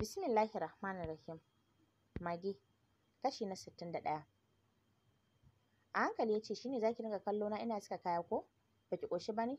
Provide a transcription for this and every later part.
Bismillahi Rahmanir Rahim. Mage, kashi na sittin da ɗaya. A hankali ya ce shi ne za ki dinga kallo na ina saka kaya ko? Ba ki ƙoshi ba ne?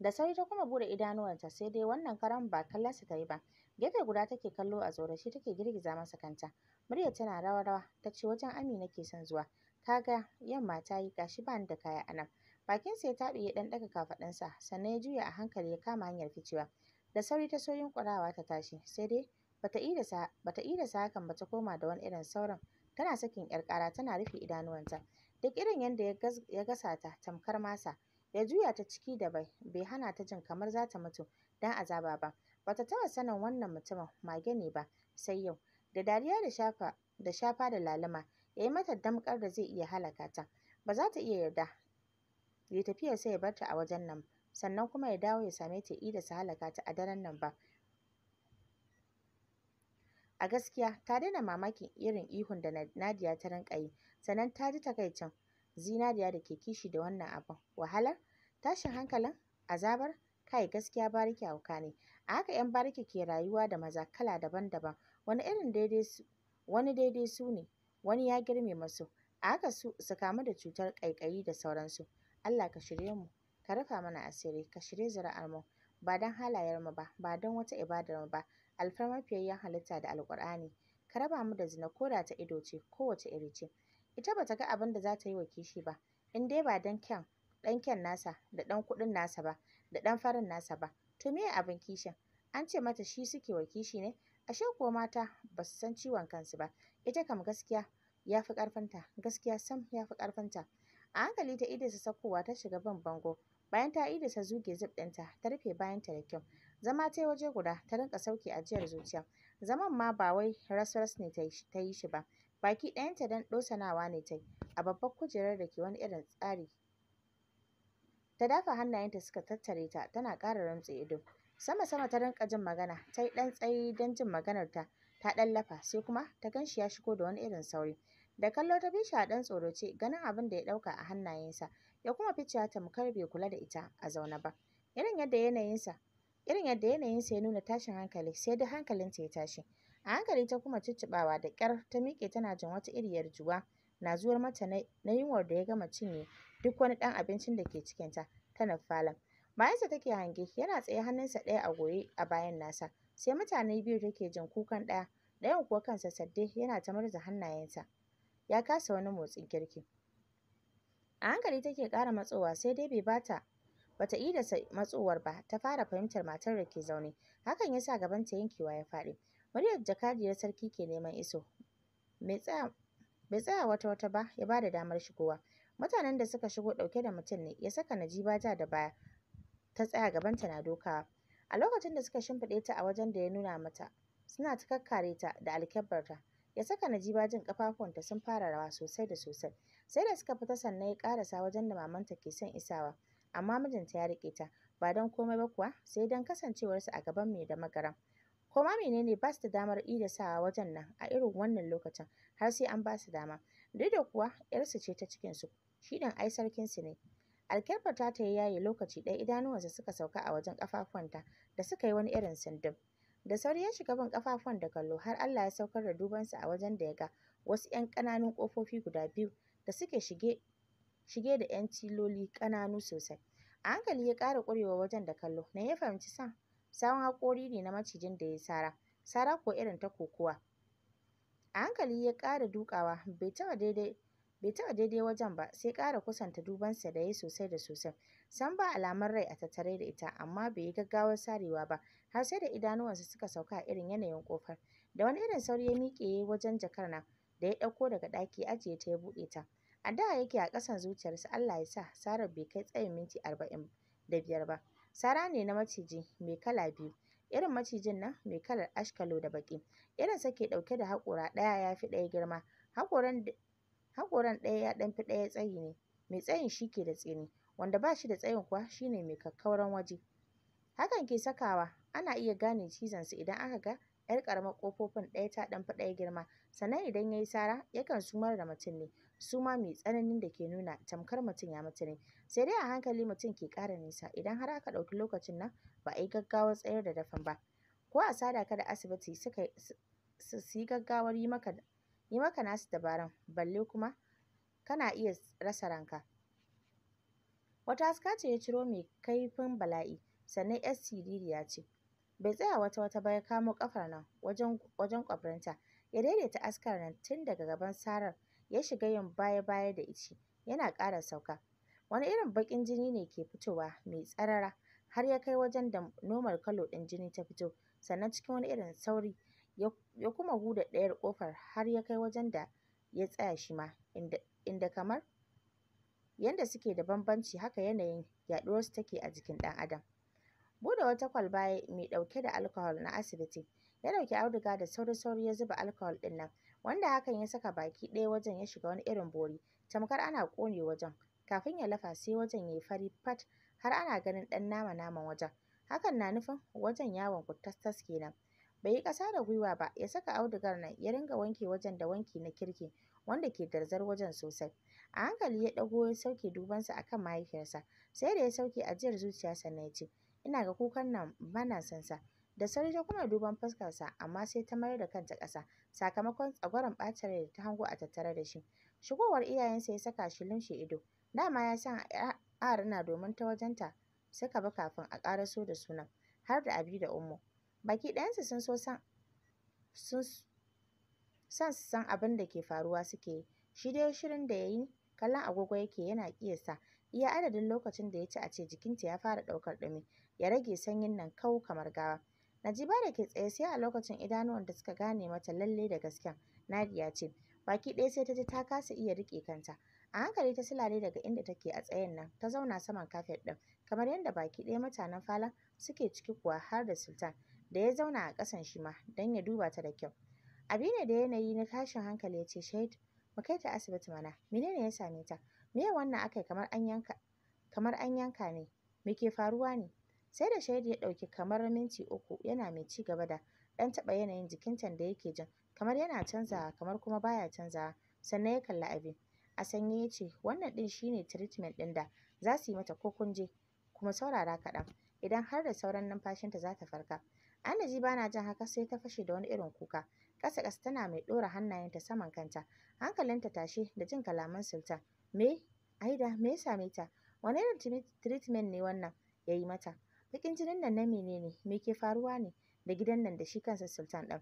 Da sauri ta kuma bude idanuwarta sai dai wannan karan ba kallonsa ta yi ba. Gefe guda take kallo a shi take girgiza masa kanta. Muryar tana rawa rawa ta ce wajen Ami nake son zuwa. Kaga yamma ta yi gashi ba ni da kaya a nan. Bakinsa ya taɓe ya ɗan ɗaga kafaɗansa sannan ya juya a hankali ya kama hanyar ficewa. Da sauri ta so yunƙurawa ta tashi sai dai Bata irasa bata hakan ba ta koma da wani irin sauran tana sakin yar ƙara tana rufe idanuwanta. Duk irin yanda ya gasa ta tamkar masa ya juya ta ciki da bai bai hana ta jin kamar za ta mutu dan azaba ba. Bata taɓa sanin wannan mutumin mage ne ba sai yau. Da dariya da shafa da shafa da laluma ya yi mata damkar da zai iya halaka ta. Ba za ta iya yarda ya tafiya sai ya bar ta a wajen nan sannan kuma ya dawo ya same ta ya su halaka ta a daren nan ba. A gaskiya ta daina mamakin irin ihun da Nadiya ta rinƙa yi, sannan ta ji takaicin Zinariya da ke kishi da wannan abun. wahalar, tashin hankalin, azabar, kai gaskiya bariki hauka ne. A haka 'yan bariki ke rayuwa da maza kala daban-daban, wani irin daidai su, wani daidai su ne, wani ya girme masu, a haka su, su kamu da cutar ƙaiƙayi da sauransu. Allah ka shirye mu, ka rufa mana asiri, ka shirye zuri'armu, ba don halayenmu ba, ba don wata ibadarmu ba, alfarmar fiyayyen halitta da alƙur'ani ka raba mu da zina ko da ta ido ce kowace iri ce ita bata ga abin da za ta yi wa kishi ba in dai ba dan kyan dan kyan nasa da dan kuɗin nasa ba da dan farin nasa ba to meye abin kishin an ce mata shi suke wa kishi ne ashe kuwa mata ba su san ciwon kansu ba ita kam gaskiya ya fi ƙarfinta gaskiya sam ya fi ƙarfinta a hankali ta idisa sakowa ta shiga bin bango bayan ta idisa zuge zip ɗinta ta rufe bayanta da kyau Zama tai waje guda ta rinka sauke ajiyar zuciya. Zaman ma ba wai ras-ras ne ta yi shi ba, baki ɗayanta don ɗosanawa ne ta yi, a babbar kujerar da ke wani irin tsari. Ta dafa hannayenta suka tattare ta tana ƙara rantse ido. Sama-sama ta rinka jin magana, ta yi ɗan tsayi don jin maganar ta ɗan lafa sai kuma ta ganshi ya shigo da wani irin sauri. Da kallo ta bi shi a ɗan tsorace ganin abin da ya ɗauka a hannayensa ya kuma fice tamkar bai kula da ita a zaune ba. Irin yadda yanayinsa Irin yadda yanayinsa ya nuna tashin hankali sai duk hankalinta ya tashi. A hankali ta kuma cicciɓawa da ƙyar ta miƙe tana jin wata iriyar juwa na zuwar mata na yunwar da ya gama cinye duk wani ɗan abincin da ke cikinta ta nufalan. Bayansa take hange yana tsaye hannunsa ɗaya a goye a bayan nasa sai mutane biyu take jin kukan ɗaya ɗayan kuwa kansa sadde yana ta murza hannayensa ya kasa wani motsin kirki. A hankali take ƙara matsowa sai dai bai bata bata yi da matsowar ba ta fara fahimtar matar da ke zaune hakan yasa gaban ta yankewa ya faɗi muryar jakadiyar sarki ke neman iso bai tsaya wata wata ba ya bada damar shigowa mutanen da suka shigo ɗauke da mutum ne ya saka najiba ja da baya ta tsaya gabanta na dokawa a lokacin da suka shimfiɗe ta a wajen da ya nuna mata suna ta kakkare ta da alkyabbarta ya saka najiba jin kafafunta sun fara rawa sosai da sosai sai da suka fita sannan ya karasa wajen da mamanta ke son isawa amma mijinta ya riƙe ta ba don komai ba kuwa sai don kasancewarsa a gaban mai da magaram. Ko ma menene ba su da damar iya sawa wajen nan a irin wannan lokacin har sai an ba su dama. Duk da kuwa ‘yarsu ce ta cikinsu, shi ɗin ai sarkin sarkinsu ne. Alkyabba ta ta yaye lokaci ɗaya idanuwansa suka sauka a wajen ƙafafuwanta da suka yi wani irin sundum. Da sauri ya shiga bin ƙafafuwan da kallo har Allah ya saukar da dubansa a wajen da ya ga wasu ‘yan ƙananun ƙofofi guda biyu da suke shige shige da 'yan tiloli ƙananu sosai. A hankali ya ƙara ƙurewa wajen da kallo, Na ya fahimci san, sawun haƙori ne na macijin da ya sara, sara ko irin ta kokowa. A hankali ya ƙara duƙawa. bai taɓa daidai bai taɓa daidai wajen ba sai ƙara kusanta dubansa da ya sosai da sosai san ba alamar rai a tattare da ita amma bai yi gaggawar sarewa ba har sai da idanuwansa suka sauka a irin yanayin ƙofar da wani irin sauri ya miƙe wajen jakar nan da ya ɗauko daga ɗaki ajiye ta ya buɗe ta A da yake a ƙasan zuciyarsa Allah ya sa sarar bai kai tsayin minti arba'in da biyar ba. Sara ne na maciji mai kala biyu, irin macijin nan mai kalar ash da baƙi. sa ke ɗauke da haƙora ɗaya ya fi ɗaya girma, haƙoran ɗaya ya ɗan fi ɗaya tsayi ne, mai tsayin shi ke da tsini, wanda ba shi da tsayin kuwa shi ne mai kakkauran waje. Hakan ke sakawa ana iya gane cizon sa idan aka ga ‘yar ƙaramar ƙofofin ɗaya ta ɗan fi ɗaya girma, sannan idan ya yi sara yakan sumar da mutum ne. suma mai tsananin da ke nuna tamkar mutum ya mutu ne sai dai a hankali mutum ke ƙara nisa idan har aka ɗauki lokacin nan ba a yi gaggawar tsayar da dafan ba ko a sada ka da asibiti suka su yi gaggawar yi maka nasu dabaran balle kuma kana iya rasa ranka wata haska ce ya ciro mai kaifin bala'i sannan yar siririya ce bai tsaya wata wata ba ya kamo ƙafar nan wajen wajen ya daidaita askar nan tun daga gaban sarar ya shiga yin baya-baya da ice yana ƙara sauka. Wani irin baƙin jini ne ke fitowa mai tsarara har ya kai wajen da nomar kalo ɗin jini ta fito sannan cikin wani irin sauri ya kuma huda ɗayar ƙofar har ya kai wajen da ya tsaya shi ma inda kamar yanda suke da bambanci haka yanayin yaɗuwar su take a jikin ɗan adam. Buɗe wata kwalba mai ɗauke da alcohol na asibiti ya ɗauki auduga da sauri-sauri ya zuba alcohol ɗin nan wanda hakan ya saka baki ɗaya wajen ya shiga wani irin bori tamkar ana ƙone wajen kafin ya lafa sai wajen ya yi fari fat har ana ganin ɗan nama naman wajen hakan na nufin wajen yawon tas kenan bai yi ƙasa da gwiwa ba ya saka audugar nan ya ringa wanke wajen da wanki na kirki wanda ke darzar wajen sosai a hankali ya ɗago ya sauke dubansa akan mahaifiyarsa sai da ya sauke ajiyar zuciyarsa na ya ce ina ga kukan nan bana son da sauri ta kuma duban fuskarsa amma sai ta mayar da kanta ƙasa sakamakon tsagwaron ɓacin rai da ta hango a tattare da shi. Shigowar iyayensa ya saka shi lumshe ido, dama ya san arina domin ta wajenta suka bi kafin a ƙaraso da sunan, har da abi da ummu. Baki ɗayansu sun so san sun san su san abin da ke faruwa suke yi, shi dai shirin da ya yi kallon agogo yake yana ƙiyasta iya adadin lokacin da ya ci a ce jikinta ya fara ɗaukar ɗumi, ya rage sanyin nan kau kamar gawa. Najiba da ke tsaye sai a lokacin da suka gane mata lalle da gasken Nadia ce. Baki ɗaya sai ta ji ta kasa iya riƙe kanta. A hankali ta silale daga inda take a tsayen nan, ta zauna saman kafet ɗin, kamar yadda baki ɗaya mutanen falon suke ciki kuwa har da Sultan, da ya zauna a ƙasan shi ma don ya duba ta da kyau. ne da yanayi na tashin hankali ya ce, Shahid, mu kai ta asibiti mana, menene ya same ta? Me wannan akai kamar an yanka kamar an yanka ne? Me ke faruwa ne? Sai da Shaidu ya ɗauki kamar minti uku yana mai ci gaba da ɗan taɓa yanayin jikinta da yake jin kamar yana canzawa kamar kuma baya canzawa sannan ya kalli abin. A sanye ya ce wannan ɗin shi ne treatment ɗin da za su yi mata ko kun je kuma saurara kaɗan idan har da sauran numfashinta za ta farka. Annaji ji bana jin haka sai ta fashe da wani irin kuka. Ƙasa ƙasa tana mai ɗora hannayenta saman kanta. Hankalinta tashe da jin kalaman sultan. Me? Aida me ya same ta? Wane irin treatment ne wannan ya yi mata? Baƙin jinin nan na menene? Me ke faruwa ne da gidan nan da shi kansa Sultan ɗin?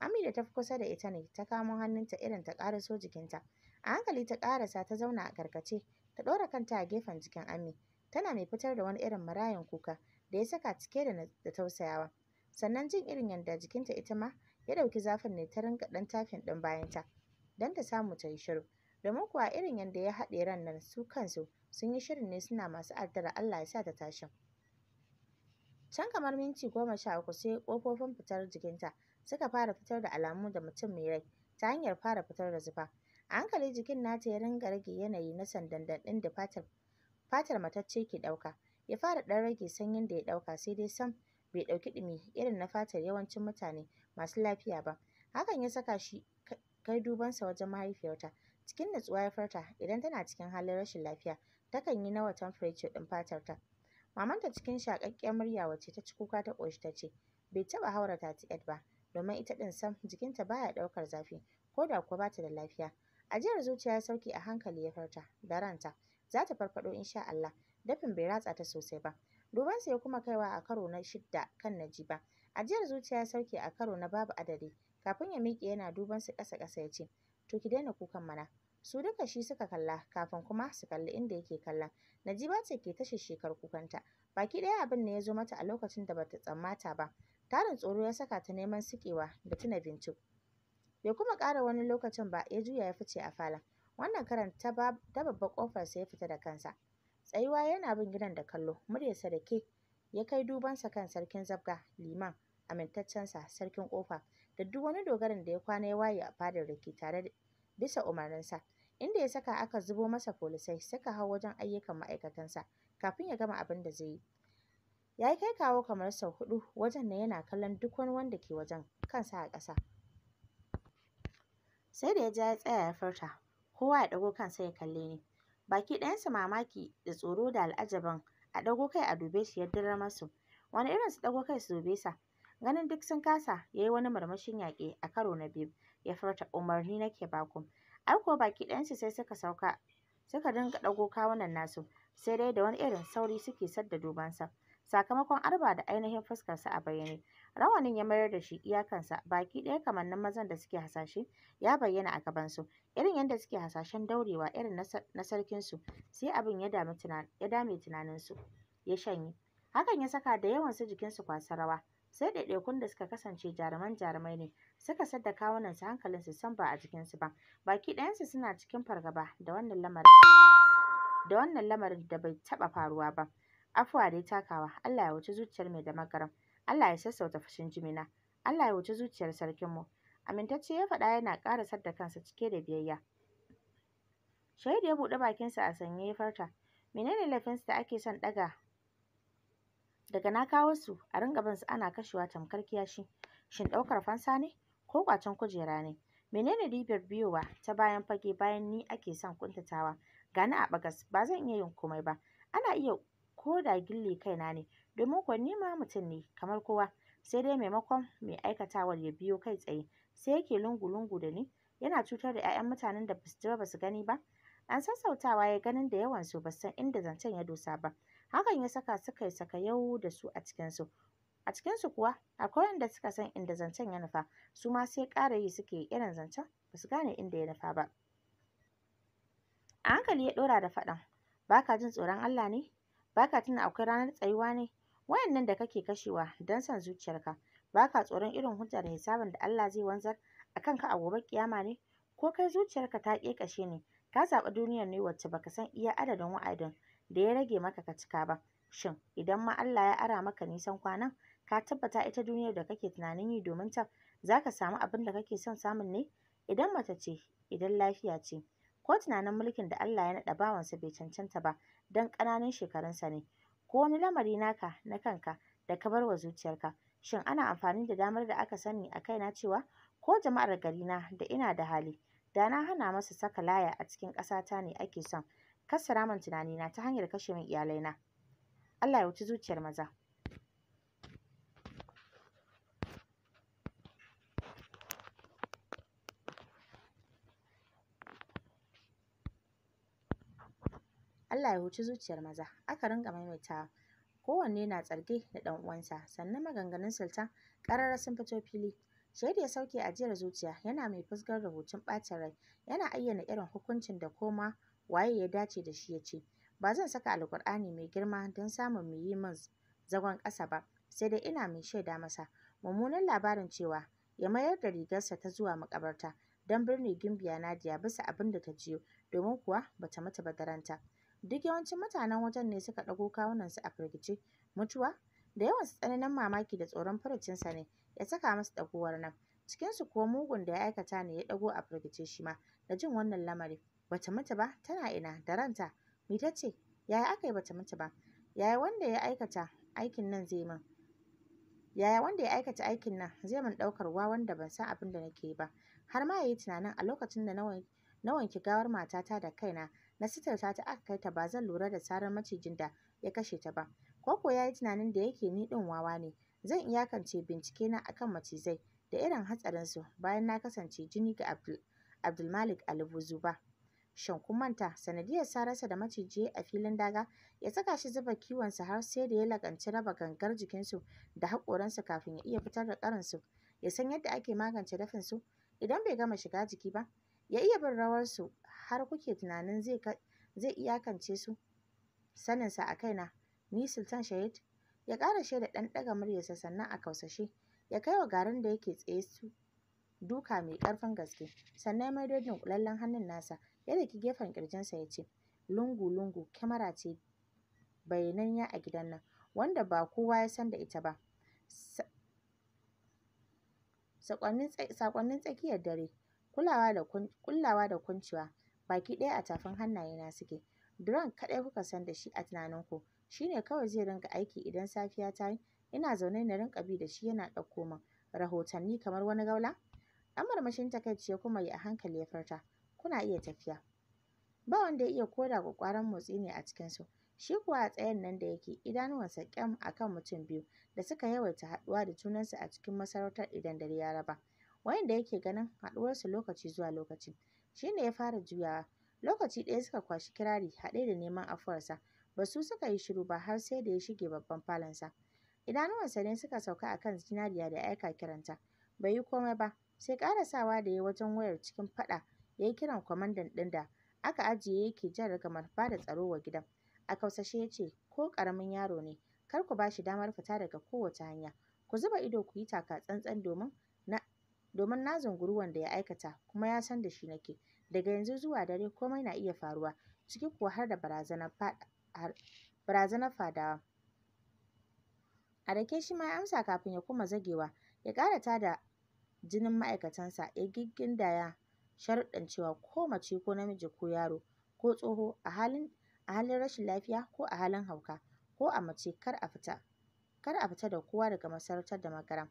Ami da ta fi kusa da ita ne ta kamo hannunta irin ta ƙaraso jikinta. A hankali ta ƙarasa ta zauna a karkace, ta ɗora kanta a gefen jikin Ami. Tana mai fitar da wani irin marayan kuka da ya saka cike da, da tausayawa. Sannan jin irin yadda jikinta ita ma ya ɗauki zafin ne ta rinka ɗan tafin ɗin bayanta don ta samu ta yi shiru. Domin kuwa irin yadda ya haɗe ran nan su kansu sun yi shirin ne suna masu addara Allah ya sa ta tashin. Can kamar minti goma sha uku sai ƙofofin fitar jikinta suka fara fitar da alamu da mutum mai rai ta hanyar fara fitar da zufa. A hankali jikin nata ya ringa rage yanayi na sandandan ɗin da fatar fatar matacce ke ɗauka. Ya fara ɗan rage sanyin da ya ɗauka sai dai sam bai ɗauki ɗumi irin na fatar yawancin mutane masu lafiya ba. Hakan ya saka shi kai dubansa wajen mahaifiyarta. Cikin natsuwa ya furta, idan tana cikin halin rashin lafiya, takan yi nawa temperature ɗin fatarta. Mamanta cikin shaƙaƙƙiyar murya wacce ta ci kuka ta ƙoshi ta ce, bai taɓa haura 38 ba, domin ita ɗin sam jikinta baya ɗaukar zafi, ko da kuwa bata da lafiya. Ajiyar zuciya ya sauke a hankali ya farta, da ranta, za ta farfaɗo sha Allah, dafin bai ratsa ta sosai ba. Dubansa ya kuma kaiwa a karo na shidda kan na Najiba. Ajiyar zuciya ya sauke a karo na babu adadi, kafin ya miƙe yana duban su ƙasa-ƙasa ya ce, to ki daina kukan mana, su duka shi suka kalla kafin kuma su kalli inda yake kallon najiba ce ke tashe shekar kukanta baki ɗaya abin ne ya zo mata a lokacin da bata tsammata ba tarin tsoro ya saka ta neman sikewa da tuna bincik bai kuma ƙara wani lokacin ba ya juya ya fice a falon wannan karan ta babbar ƙofar ya fita da kansa tsayuwa yana bin gidan da kallo muryarsa da ke ya kai dubansa kan sarkin zabga liman amintaccensa sarkin ƙofa da duk wani dogaran da ya kwana ya waye a fadar da ke tare bisa umarninsa inda ya saka aka zubo masa polisai suka hau wajen ayyukan ma'aikatansa kafin ya gama abin da zai yi. Ya yi kai kawo kamar sau huɗu wajen nan yana kallon duk wani wanda ke wajen kansa a ƙasa. Sai da ya ja ya tsaya ya furta, kowa ya ɗago kansa ya kalle ni. Baki ɗayansa mamaki da tsoro da al'ajaban a ɗago kai a dube shi ya dirar masu. Wani irin su ɗago kai su dube sa? Ganin duk sun kasa ya yi wani marmashin yaƙi a karo na biyu ya furta umarni nake baku Ai kuwa baki ɗayansu sai suka sauka suka dinga ɗago kawunan nasu sai dai da wani irin sauri suke sadda dubansa. Sakamakon arba da ainihin fuskarsa a bayyane. Rawanin ya mayar da shi iyakansa baki ɗaya kamar nan mazan da suke hasashe ya bayyana a gabansu. Irin yadda suke hasashen daurewa irin na sarkinsu sai abin ya dame tunaninsu ya shanye. Hakan ya saka da yawansu jikinsu kwasa rawa sai ɗaiɗaikun da suka kasance jaruman jarumai ne suka sadda kawunansu hankalinsu san ba a jikinsu ba baki ɗayansu suna cikin fargaba da wannan lamarin da wannan lamarin da bai taɓa faruwa ba afuwa dai takawa Allah ya wuce zuciyar mai da makaram Allah ya sassauta fushin jimina Allah ya wuce zuciyar sarkinmu amintacce ya faɗa yana ƙara sadda kansa cike da biyayya shaidu ya buɗe bakinsa a sanye ya farta menene laifinsu da ake son ɗaga daga na kawo su a ringa bin su ana kashewa tamkar kiyashi shin ɗaukar fansa ne ko ƙwacen kujera ne. Menene ribar biyowa ta bayan fage bayan ni ake son kuntatawa Ga ni a bagas ba zan iya yin komai ba. Ana iya ko da gille kaina ne domin kuwa ni ma mutum ne kamar kowa sai dai maimakon mai aikatawar ya biyo kai tsaye sai yake lungu-lungu da ni yana cutar da 'ya'yan mutanen da basu ba su gani ba. An sassautawa ya ganin da yawan su ba san inda zancen ya dosa ba. Hakan ya saka suka yi sakayau da su a cikin su a cikin su kuwa akwai wanda suka san inda zancen ya nufa su ma sai ƙara yi suke irin zancen ba su gane inda ya nufa ba a hankali ya ɗora da faɗan ba ka jin tsoron Allah ne ba ka tuna akwai ranar tsayuwa ne wayannan da kake kashewa don san zuciyarka ba ka tsoron irin hujjar hisabin da Allah zai wanzar a kanka a gobe kiyama ne ko kai zuciyarka ta ƙeƙashe ne ka zaɓi duniyar ne wacce baka san iya adadin wa'adin da ya rage maka ka cika ba shin idan ma Allah ya ara maka nisan kwanan ka tabbata ita duniyar da kake tunanin yi domin ta za ka samu abin da kake son samun ne idan mace ce idan lafiya ce ko tunanin mulkin da Allah ya naɗa bawansa bai cancanta ba don ƙananan shekarunsa ne ko wani lamari naka na kanka da ka bar wa zuciyarka shin ana amfani da damar da aka sani a kaina cewa ko jama'ar garina da ina da hali da na hana masa saka laya a cikin ƙasata ne ake son kassara tunani tunanina ta hanyar kashe min iyalaina Allah ya wuce zuciyar maza Allah ya huci zuciyar maza aka ringa maimaitawa kowanne na tsarge da ɗan uwansa sannan maganganun sultan karara sun fito fili Shaida ya sauke ajiyar zuciya yana mai fuskar rubutun bacin rai yana ayyana irin hukuncin da koma waye ya dace da shi ya ce ba zan saka alkur'ani mai girma don samun mu yi min zagon ƙasa ba sai dai ina mai shaida masa mummunan labarin cewa ya mayar da rigarsa ta zuwa makabarta don birni gimbiya Nadiya bisa abin da ta jiyo domin kuwa bata mutu ba daranta. Duk yawancin mutanen wajen ne suka ɗago kawunansu a firgice. Mutuwa? Da yawan su tsananin mamaki da tsoron furucinsa ne ya saka masu ɗagowar nan. Cikinsu kuwa mugun da ya aikata ne ya ɗago a firgice shi ma da jin wannan lamari. Bata mutu ba? Tana ina? Da ranta? Mita ce? Yaya aka yi bata mutu ba? Yaya wanda ya aikata aikin nan zai min? Yaya wanda ya aikata aikin nan zai min ɗaukar wa wanda ban san abin da nake yi ba? Har ma ya yi tunanin a lokacin da na wanke gawar matata da kaina na ta ta aka kai ta ba zan lura da tsarar macijin da ya kashe ta ba koko ya yi tunanin da yake ni ɗin wawa ne zan iyakance bincike na akan macizai da irin hatsarinsu bayan na kasance jini ga Abdul Abdulmalik ba Shin kun manta sanadiyar sararsa da maciji a filin daga ya saka shi zuba kiwonsa har sai da ya lakanci raba gangar jikinsu da haƙoransu kafin ya iya fitar da ƙarinsu ya san yadda ake magance dafinsu idan bai gama shiga jiki ba ya iya bin rawarsu har kuke tunanin zai iyakance su saninsa a kaina ni sultan shahid ya ƙara shaida ɗan ɗaga muryarsa sannan a kausashe ya kai wa garin da yake tsaye su duka mai ƙarfin gaske sannan ya maido dunƙulallen hannun nasa ya daki gefen ƙirjinsa ya ce lungu lungu kyamara ce ya a gidan nan wanda ba kowa ya san da ita ba saƙonnin tsakiyar dare kulawa da kuncewa baki ɗaya a tafin hannayena suke. Drone kaɗai kuka san da shi a tunaninku, shi ne kawai zai ringa aiki idan safiya ta yi, ina zaune na rinƙa bi da shi yana ɗauko man rahotanni kamar wani gaula. Ɗan marmashin takaici ya kuma yi a hankali ya furta, kuna iya tafiya. Ba wanda ya iya koda ƙwaƙwaran motsi ne a cikinsu, shi kuwa a tsayen nan da yake idanuwansa ƙyam a kan mutum biyu da suka yawaita haɗuwa da junansu a cikin masarautar idan dare ya raba, wayanda yake ganin haɗuwarsu lokaci zuwa lokaci. shi ne ya fara juyawa lokaci ɗaya suka kwashi kirari haɗe da neman afuwarsa ba su suka yi shiru ba har sai da ya shige babban falonsa idanuwansa ne suka sauka a kan zinariya da aika kiranta bai yi komai ba sai ƙarasawa da ya wajen wayar cikin faɗa ya yi kiran kwamandan ɗin da aka ajiye yake jan rigamar ba da tsaro wa gidan a kausashe ya ce ko ƙaramin yaro ne kar ku ba shi damar fita daga kowace hanya ku zuba ido ku yi taka tsantsan domin na domin na wanda ya aikata kuma ya san da shi nake Daga yanzu zuwa dare komai na iya faruwa, ciki kuwa har da barazanar fadawa. A dake shi ma ya amsa kafin ya kuma zagewa, ya ƙara tada jinin ma'aikatansa, ya giggindaya sharuɗɗan cewa ko mace ko namiji ko yaro ko tsoho a halin rashin lafiya ko a halin hauka ko a mace kar a fita da kowa daga masarautar da magaram.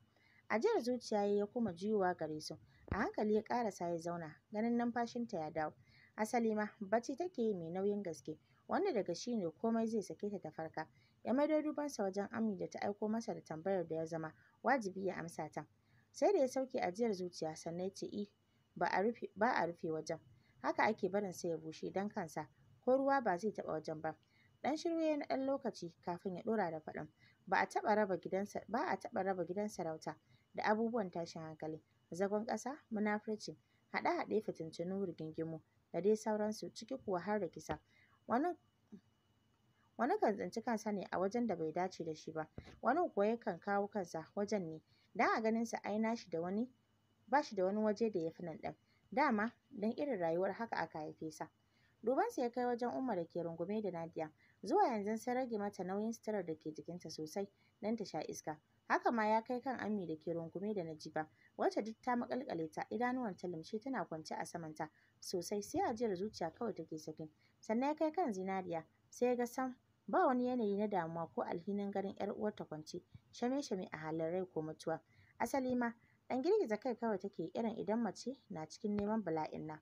Ajiyar zuciya ya ya kuma juyowa gare su. a hankali ya ƙarasa ya zauna ganin numfashinta ya dawo asali ma bacci take yi mai nauyin gaske wanda daga shi ne komai zai sake ta ta farka ya maido dubansa wajen ami da ta aiko masa da tambayar da ya zama wajibi ya amsa ta sai da ya sauke ajiyar zuciya sannan ya ce i ba a rufe wajen haka ake barin sa ya bushe dan kansa ko ruwa ba zai taba wajen ba Dan shiru na dan lokaci kafin ya ɗora da faɗin ba a taba raba gidansa ba a taɓa raba gidan sarauta da abubuwan tashin hankali zagon ƙasa, munafurci, haɗe-haɗe, fitintinu, rigingimu da dai sauransu ciki kuwa har da kisa. Wani wani kan tsinci kansa ne a wajen da bai dace da shi ba, wani kuwa yakan kawo kansa wajen ne don a ganin ganinsa ai nashi da wani ba shi da wani waje da ya fi nan ɗin. Dama don irin rayuwar haka aka haife sa. Dubansa ya kai wajen Umma da ke rungume da Nadiya. Zuwa yanzu sun rage mata nauyin sitirar da ke jikinta sosai don ta sha iska. Haka ma ya kai kan Ammi da ke rungume da Najiba, wacce duk ta makalkale ta idanuwan ta limshe tana kwance a saman ta sosai sai ajiyar zuciya kawai take sakin. Sannan ya kai kan Zinariya, sai ya ga sam ba wani yanayi na damuwa ko alhinin garin ‘yar uwarta kwance shame-shame a halin rai ko mutuwa. Asali ma dan girgiza kai kawai take irin idan mace na cikin neman bala'in na.